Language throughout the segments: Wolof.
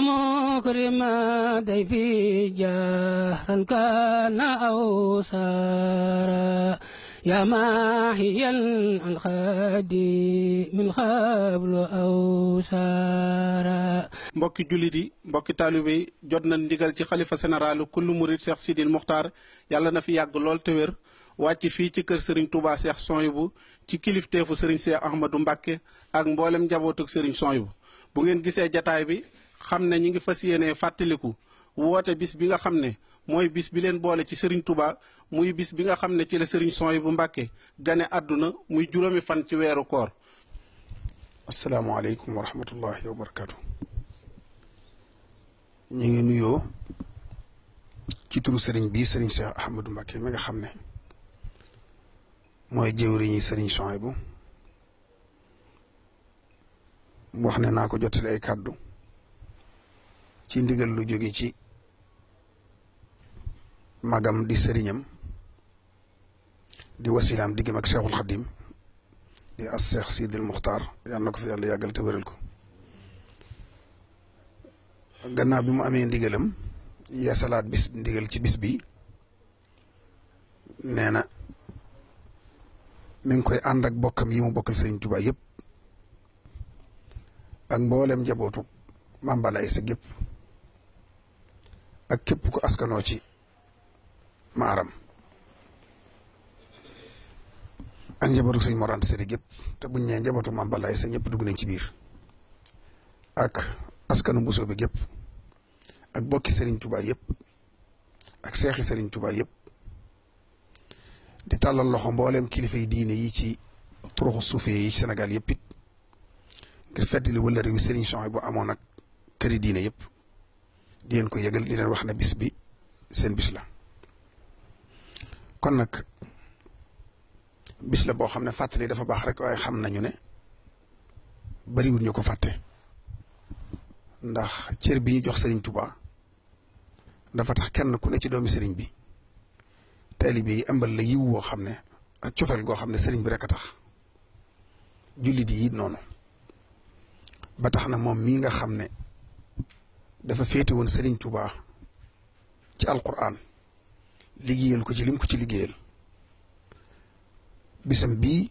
مكرما ضيفي جهرا كان أو سارا يا ماحيا عن خادي من خابل أو سارا mbokki jullit yi mbokki taalibe yi jot na ndigal ci xalifa sénéralu kullu murid Cheikh Sidil Muxtaar yàlla na fi yàgg lool te wér wàcc fii ci kër Serigne Touba Cheikh Sonybu ci kilifteefu Serigne Cheikh Ahmadou Mbacke ak mboolem njabootug Serigne Sonybu bu ngeen gisee jataay bi xam ne ñi ngi fas yéenee fàttaliku woote bis bi nga xam ne mooy bis bi leen boole ci sëriñ tubaa muy bis bi nga xam ne ci la Serigne bu Mbacké gane àdduna muy juróomi fan ci weeru koor. asalaamaaleykum wa rahmatullahi wa barakaatu. ñu ngi nuyoo ci turu sëriñ bii Serigne Cheikh Ahmadou Mbacké mi nga xam ne mooy jëwriñi bu mu wax ne naa ko jottali ay kàddu. ci ndigal lu jóge ci magam di sëriñam di wasilaam diggam ak Cheikhul Xadim di as Cheikh Sidil Muxtaar yàlla na ko fi yàlla yàggal te wéral ko gannaaw bi mu amee ndigalam yeesalaat bis ndigal ci bis bi nee na mi ngi koy ànd ak bokkam yi mu bokkal Sëriñ Tuubaa yëpp ak mboolem njabootu Mame Balla Aïssa gépp ak képp ku askanoo ci maaram ak njabootu sëñ Mor Anta gépp te buñ nee njabootu Maam Balaay sa ñëpp dugg nañ ci biir ak askanu Mbusoo bi gépp ak bokki Serigne Touba yëpp ak seexi Serigne tubaa yëpp di tàllal loxo mbooleem kilifa yi diine yi ci turuxu suufee yi ci Sénégal yëpp it ngir fàttali wala réew Serigne Chouaïbou bu amoon ak këri diine yëpp. di ko yëgal di leen wax na bis bi seen bis la kon nag bis la boo xam ne fàttali dafa baax rek waaye xam nañu ne bariwul ñu ko fàtte ndax cër bi ñu jox sëriñ Tuubaa dafa tax kenn ku ne ci doomi sëriñ bi taalibe yi ëmbal la yiw woo xam ne ak cofeel goo xam ne sëriñ bi rekk a tax jullit yi noonu ba tax na moom mii nga xam ne dafa féete woon Serigne Touba ci alquran liggéeyal ko ci lim ko ci liggéeyal bisam bii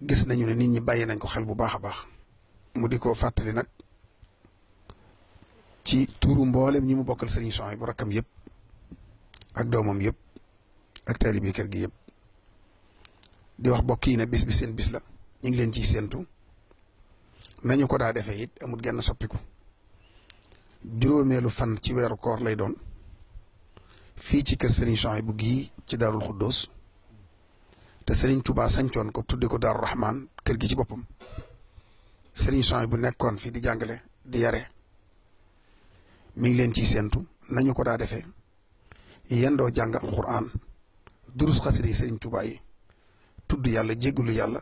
gis nañu ne nit ñi bàyyi nañ ko xel bu baax a baax. mu di ko fàttali nag ci tuuru mboolem ñi mu bokkal Serigne Souhaïbou bu rakkam yépp ak doomam yëpp ak taalibe kër gi yëpp di wax bokk yi ne bis bi seen bis la ñu ngi leen ciy séentu nañu ko daa defee it amul genn soppiku. juróomeelu fan ci weeru koor lay doon fii ci kër Serigne bu gii ci Daarul Xuddoos te Serigne Touba sancoon ko tudde ko Daaru Rahman kër gi ci boppam sëriñ Serigne bu nekkoon fii di jàngale di yare mi ngi leen ci séentu nañu ko daa defee yendoo jàng alxuraan durus xasida yi Serigne yi tudd yàlla jéggalu yàlla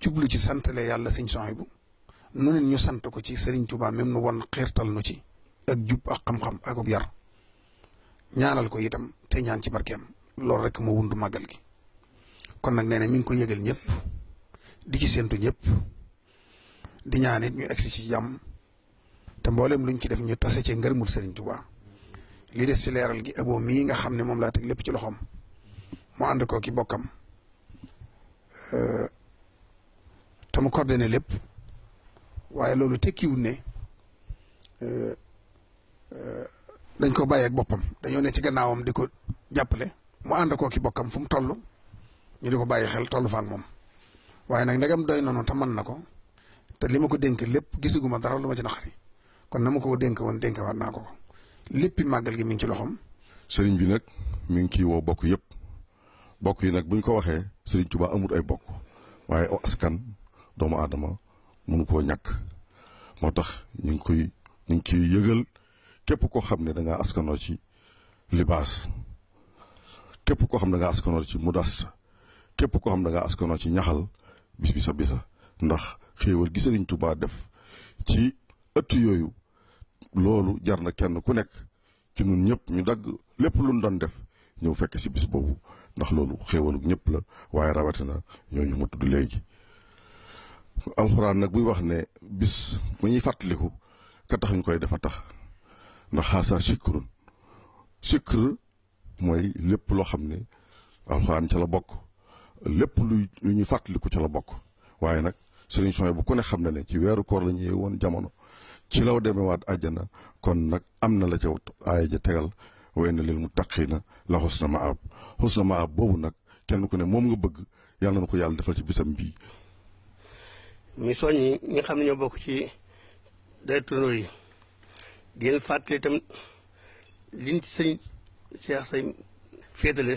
jublu ci santale yàlla Serigne Souhaïbou nu ñu sant ko ci Serigne Touba même nu won xiirtal nu ci ak jub a xam-xam akub yar ñaanal ko itam te ñaan ci barkeem loolu rek moo wundu màggal gi kon nag nee na mi ngi ko yëgal ñëpp di ci séntu ñëpp di ñaan it ñu egsi ci jàmm te mboolem luñ ci def ñu tase ci ngërmul Serigne Touba li des ci leeral gi abo mii nga xam ne moom laa teg lépp ci loxoom mu ànd ko ki bokkam euh, te mu coordonné lépp. waaye loolu tekkiwul ne euh, euh, dañ ko bàyyi boppam dañoo ne ci gannaawam di ko jàppale mu ànd koo ki bokkam fu mu toll ñu di ko bàyyi xel tollu fa moom waaye nag ndegam doy noonu te man na ko te li ma ko dénk lépp gisaguma dara lu ma ci naqari kon na ma ko dénk woon dénkawaat naa ko ko léppi màggal gi mi ngi ci loxoom. sëriñ bi nag mi ngi ciy woo bokk yëpp bokk yi nag buñ ko waxee sëriñ Tuubaa amul ay bokk waaye askan doomu aadama mun koo ñakk moo tax ñu ngi koy ñu ngi koy yëgal képp koo xam ne da ngaa askanoo ci libaas képp koo xam ne da ngaa askanoo ci mudasta képp koo xam ne da ngaa ci ñaxal bis bi sa bisa ndax xéewal gi Sëriñ Tuubaa def ci ëtt yooyu loolu jar na kenn ku nekk ci ñun ñëpp ñu dagg lépp lu ñu doon def ñëw fekk si bis boobu ndax loolu xéewalu ñëpp la waaye rawatina ñooñu ma tudd léegi alxuraan nag buy wax ne bis bu ñuy fàttaliku ka tax ñu koy dafa tax ndax xaasa sikkirun sikkir mooy lépp loo xam ne alxuraan ca la bokk lépp lu lu ñuy fàttaliku ca la bokk waaye nag sëriñ Sonia bu ku ne xam ne ne ci weeru koor lañuy ñuy woon jamono ci law demewaat àjjana kon nag am na la ca aaya ja tegal wey na lil muttaqiina la xusna maab xusna maab boobu nag kenn ku ne moom nga bëgg yàlla na ko yàlla defal ci bisam bii mi soññi ñi xam ne ñoo bokk ci day tundoo yi di leen fàttali itam liñ ci sëñ Cheikh say féetale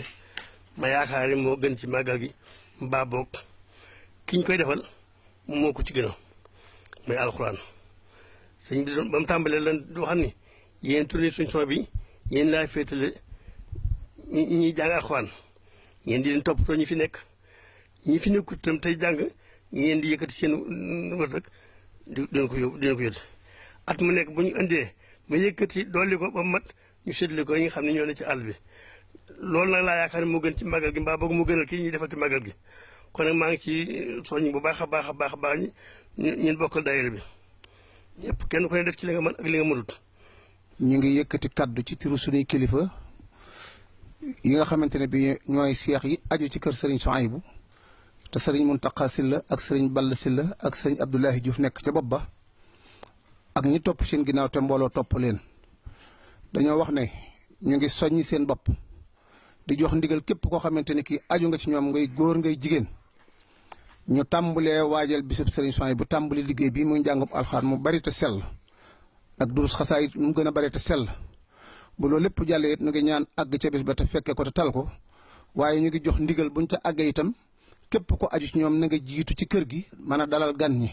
ma yaakaar moo gën ci màggal gi mbaa boog ki ñu koy defal moo ko ci gën a alxuraan sëñ bi doon ba mu tàmbalee lan doo xam ni yéen tourné suñ son bi yéen laay féetale ñi ñuy jàng alxuraan yéen di leen toppatoo ñi fi nekk ñi fi nekkut tam tey jàng ñu leen di yëkkati seen wër rek di leen ko yóbbu at mu nekk bu ñu indee ma yëkkati dolli ko ba mat ñu séddale ko ñi nga xam ne ñoo ne ci àll bi. loolu nag laa yaakaar ne moo gën ci màggal gi mbaa boog mu gënal kii ñu defal ci màggal gi kon nag maa ngi ci soññ bu baax a baax a baax a baax ñu ñun bokkal daayira bi ñëpp kenn ku def ci li nga mën ak li nga mënut. ñu ngi yëkkati kaddu ci turu suñuy kilifa yi nga xamante ne bi ñooy seex yi aju ci kër Serigne bu te sëriñ Mountakha Sylla ak sëriñ Balla Sylla ak sëriñ Abdoulahi Diouf nekk ca bopp ba ak ñi topp seen ginnaaw te mbooloo topp leen dañoo wax ne ñu ngi soññi seen bopp di jox ndigal képp koo xamante ni kii aju nga ci ñoom ngay góor ngay jigéen ñu tàmbulee waajal bisub sëriñ Soy bu tàmbuli liggéey bi muy njàngum alxaan mu bari te sell ak durus xasaay it mu gën a bari te sell bu loolu lépp jàllee it ngi ñaan àgg ca bis ba te fekkee ko te tal ko waaye ñu ngi jox ndigal buñ ca àggee itam képp ko aju ci ñoom na jiitu ci kër gi mën a dalal gan ñi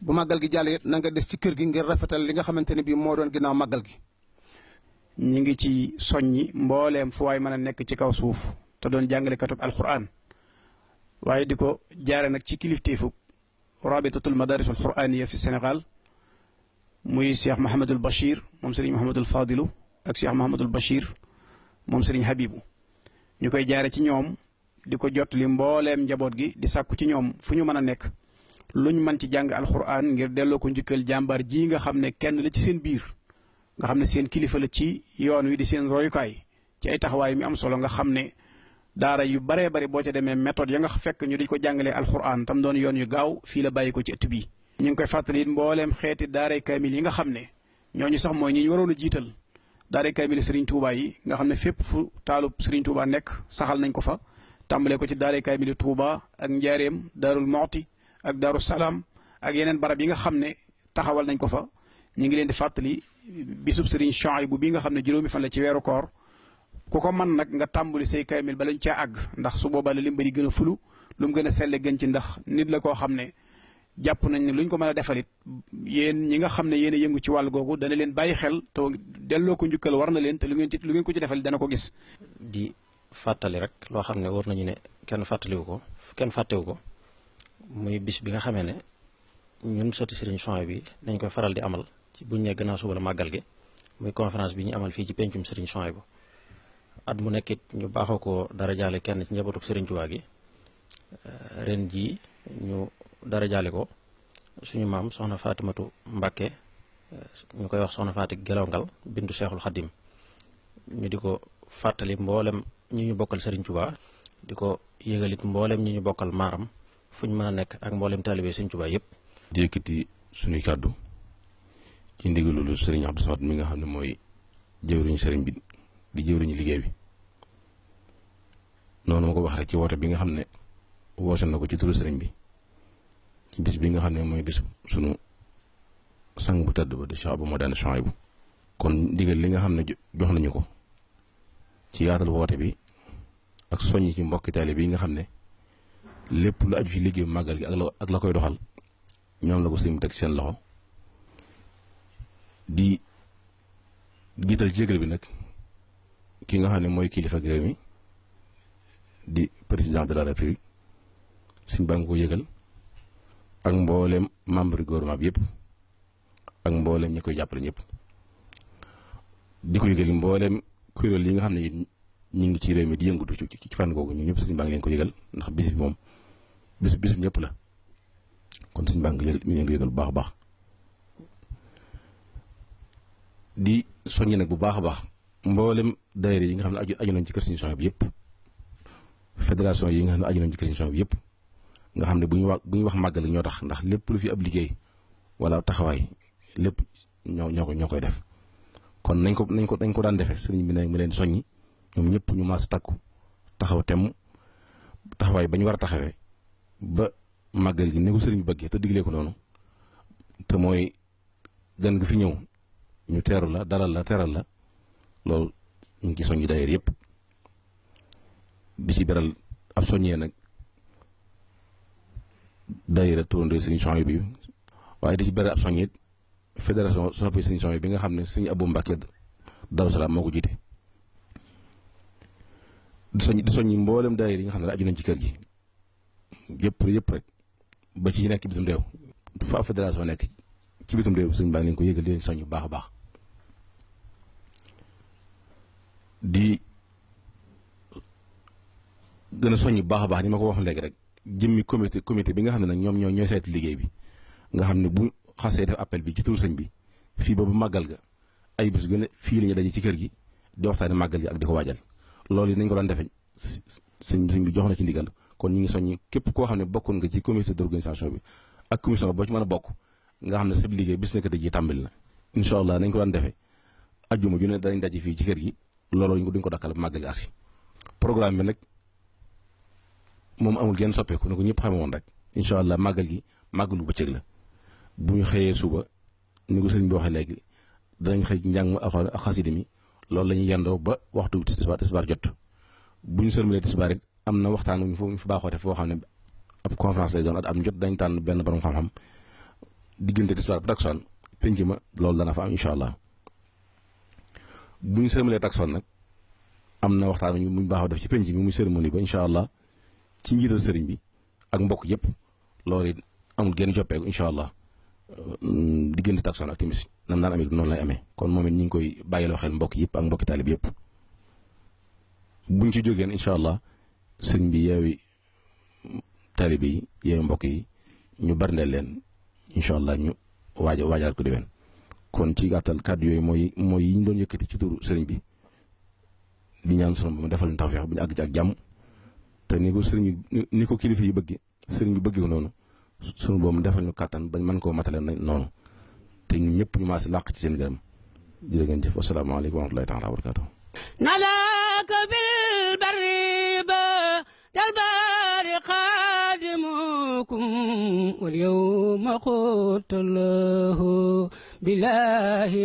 bu màggal gi jàllee nanga des ci kër gi ngir rafetal li nga xamante ne bii moo doon ginnaaw màggal gi. ñi ngi ci soññi mbooleem fu waay mën a nekk ci kaw suuf te doon jàngalekatub alquran waaye di ko jaare nag ci kilifteefu rabitatul madarisul quraniya fi Sénégal muy Cheikh Mouhamadul Bachir moom Serigne Mouhamadul Fadilu ak Cheikh Mouhamadul Bachir moom Serigne Habibu ñu koy jaare ci ñoom. di ko jot li mbooleem njaboot gi di sàkku ci ñoom fu ñu mën a nekk luñ mën ci jàng alxuraan ngir delloo ko njukkal jàmbaar ji nga xam ne kenn la ci seen biir nga xam ne seen kilifa la ci yoon wi di seen royukaay ci ay taxawaay mi am solo nga xam ne daara yu baree bari boo ca demee méthode ya nga fekk ñu di ko jàngalee alxuraan tam doon yoon yu gaaw fii la bàyyi ko ci ëtt bi. ñu ngi koy fàttali mbooleem xeeti daaray kaamil yi nga xam ne ñooñu sax mooy ñi ñu waroon a jiital daaray kaamil Serigne tuubaa yi nga xam ne fépp fu taalub Serigne Touba nekk saxal nañ ko fa tàmbalee ko ci daaray kaamili Touba ak Njaareem Daarul Moxti ak Daaru Salaam ak yeneen barab yi nga xam ne taxawal nañ ko fa ñu ngi leen di fàttali bisub Serigne bu bi nga xam ne juróomi fan la ci weeru koor ku ko mën nag nga tàmbali say kaamil ba lañ caa àgg ndax su boobaa la limba di gën a fulu lu mu gën a selle gën ci ndax nit la koo xam ne jàpp nañ ne luñ ko mën a defalit yéen ñi nga xam ne yéen yëngu ci wàll googu dana leen bàyyi xel te delloo ko njukkal war na leen te lu ngeen ci lu ngeen ko ci defalit dana ko gis. fàttali rek loo xam ne wóor nañu ne kenn fàttaliwu ko kenn fàttewu ko muy bis bi nga xamee ne ñun sotti sëriñ Souhaïbou bi nañ koy faral di amal ci buñ ne gannaaw suba la màggal gi muy conférence bi ñu amal fii ci pencum sëriñ Souhaïbou at mu nekkit ñu baaxoo ko dara jaale kenn ci njabootu sëriñ Tuubaa gi eh, ren jii ñu dara jaale ko suñu maam soxna Fatimatu Mbàkke eh, ñu koy wax soxna Faati ngal bintu Seexul Xadim ñu di ko fàttali mboolem ñi ñu bokkal Serigne Touba di ko yëgal it mboolem ñi ñu bokkal maaram fu ñu mën a nekk ak mboolem taalibe Serigne Touba yëpp. di yëkkati suñuy kàddu ci ndigalu lu Serigne Abdou Samad mi nga xam ne mooy jëwriñu Serigne bi di jëwriñu liggéey bi noonu ma ko wax rek ci woote bi nga xam ne woote na ko ci turu Serigne bi ci bis bi nga xam ne mooy bis sunu sang bu tëdd ba de Cheikh Abou Madane Chouaïbou kon ndigal li nga xam ne jox nañu ko ci yaatal woote bi ak soññ ci mbokki taalibe bi nga xam ne lépp lu aju ci liggéey màggal gi ak la ak la koy doxal ñoom la ko sëñ bi teg seen loxo di jiital jégal bi nag ki nga xam ne mooy kilifa réew mi di président de la république suñ baa ko yëgal ak mboolem membre gouvernement bi yëpp ak mboolem ñi koy jàppale ñëpp di ko yëgal mboolem kuréel yi nga xam ne ñu ngi ci réew mi di yëngatu ci ci fànn googu ñu ñëpp sëriñ baa ngi leen ko yëgal ndax moom bis ñëpp la kon sëriñ baa ngi leen ko baax a baax di soññ nag bu baax a baax mboolem daayira yi nga xam ne aju aju nañ ci kër sëriñ bi yëpp fédération yi nga xam ne aju nañ ci bi yëpp nga ne bu ñu wax bu ñu wax màggal ñoo tax ndax lépp lu fi ab liggéey wala taxawaay lépp ñoo ñoo ko ñoo koy def kon nañ ko nañ ko dañ ko daan defee sëriñ bi nag mu leen soññi ñoom ñëpp ñu maas takku taxaw temm taxawaay ba ñu war a taxawee ba màggal gi ne ko sëriñ bëggee te diglee ko noonu te mooy gan gi fi ñëw ñu teeru la dalal la teral la loolu ñu ngi soñ soññi daayira yëpp bi ci beral ab soññee nag daayira turandoo sëriñ Souhaïbou bi waaye di ci beral ab soññit fédération soppee sëriñ bi nga xam ne sëriñ Abou Mbacke Darou Salaam moo ko jiite di soñ di soññ mboolem daayira yi nga xam ne aju nañ ci kër gi yëpp yëpp rek ba ci nekk bitim réew fa nekk ci bitum réew sëñ baa ko yëgal di leen soññ bu baax a baax di gën a soññ bu baax a baax ni ma ko wax léegi rek jëmmi comité comité bi nga xam ne nag ñoom ñoo ñooy saytu liggéey bi nga xam ne bu xasee def appel bi ci tur sëñ bi fii ba bu màggal ga ay bus gën a fii la ñu daje ci kër gi di waxtaane màggal gi ak di ko waajal loolu yi nañ ko daan defe sëñ sëñ bi jox na ci ndigal kon ñu ngi soññi képp koo xam ne bokkoon nga ci comité d'organisation bi ak commission boo ci mën a bokk nga xam ne sa liggéey bis nekk ji tàmbali na incha allah nañ ko daan defee ajjuma ju ne danañ daje fii ci kër gi loolu duñ ko dakkal màggali as yi programme bi nag moom amul genn soppeeku ne ko ñëpp xame woon rek incha allah màggal gi màggalu bëccëg la bu ñu xëyee suba ni ko sëñ bi léegi danañ xëy njàng ma ak xasida mi loolu la ñuy yendoo ba waxtu bi tisbaar tisbaar jot bu ñu sërmalee tisbaar it am na waxtaan ñu fa ñu fa baaxoo def foo xam ne ab conférence lay doon am jot dañ tànn benn borom xam-xam diggante tisbaar ba takkusaan penc ma loolu dana fa am incha allah bu ñu sërmalee takkusaan nag am na waxtaan ñu muñ baaxoo def ci penc mi muy cérémonie ba incha allah ci njiital sëriñ bi ak mbokk yëpp loolu it amul genn coppeeku incha allah Mm, diggante takkusaan ak timis nam naan amee noonu lay amee kon moom it ñu ngi koy bàyyiloo xel mbokk yëpp ak mbokki taalib yëpp buñ ci jógeen incha allah sëñ bi yeewi taalib yi yeewi mbokk yi ñu barndeel leen incha allah ñu waaja waajaat ko déwén kon ci gàttal kàddu yooyu mooy mooy yi ñu doon yëkkati ci turu sëriñ bi di ñaan sunu ba mu defal ñu tax feex bu ñu àgg ci ak jàmm te ni ko sëriñ ni ko kilifa yi bëgg sëriñ bi bëgg ko noonu suñu boom defal ñu kàttan ba man koo matale noonu te ñu ñëpp ñu maas làq ci seen gërëm jërë a jëf asalaamaaleykum wa rahmatulahi taala wa barakaatu nalaaka bil barri ba dal baari xaadimukum wal yowma xutalahu bilahi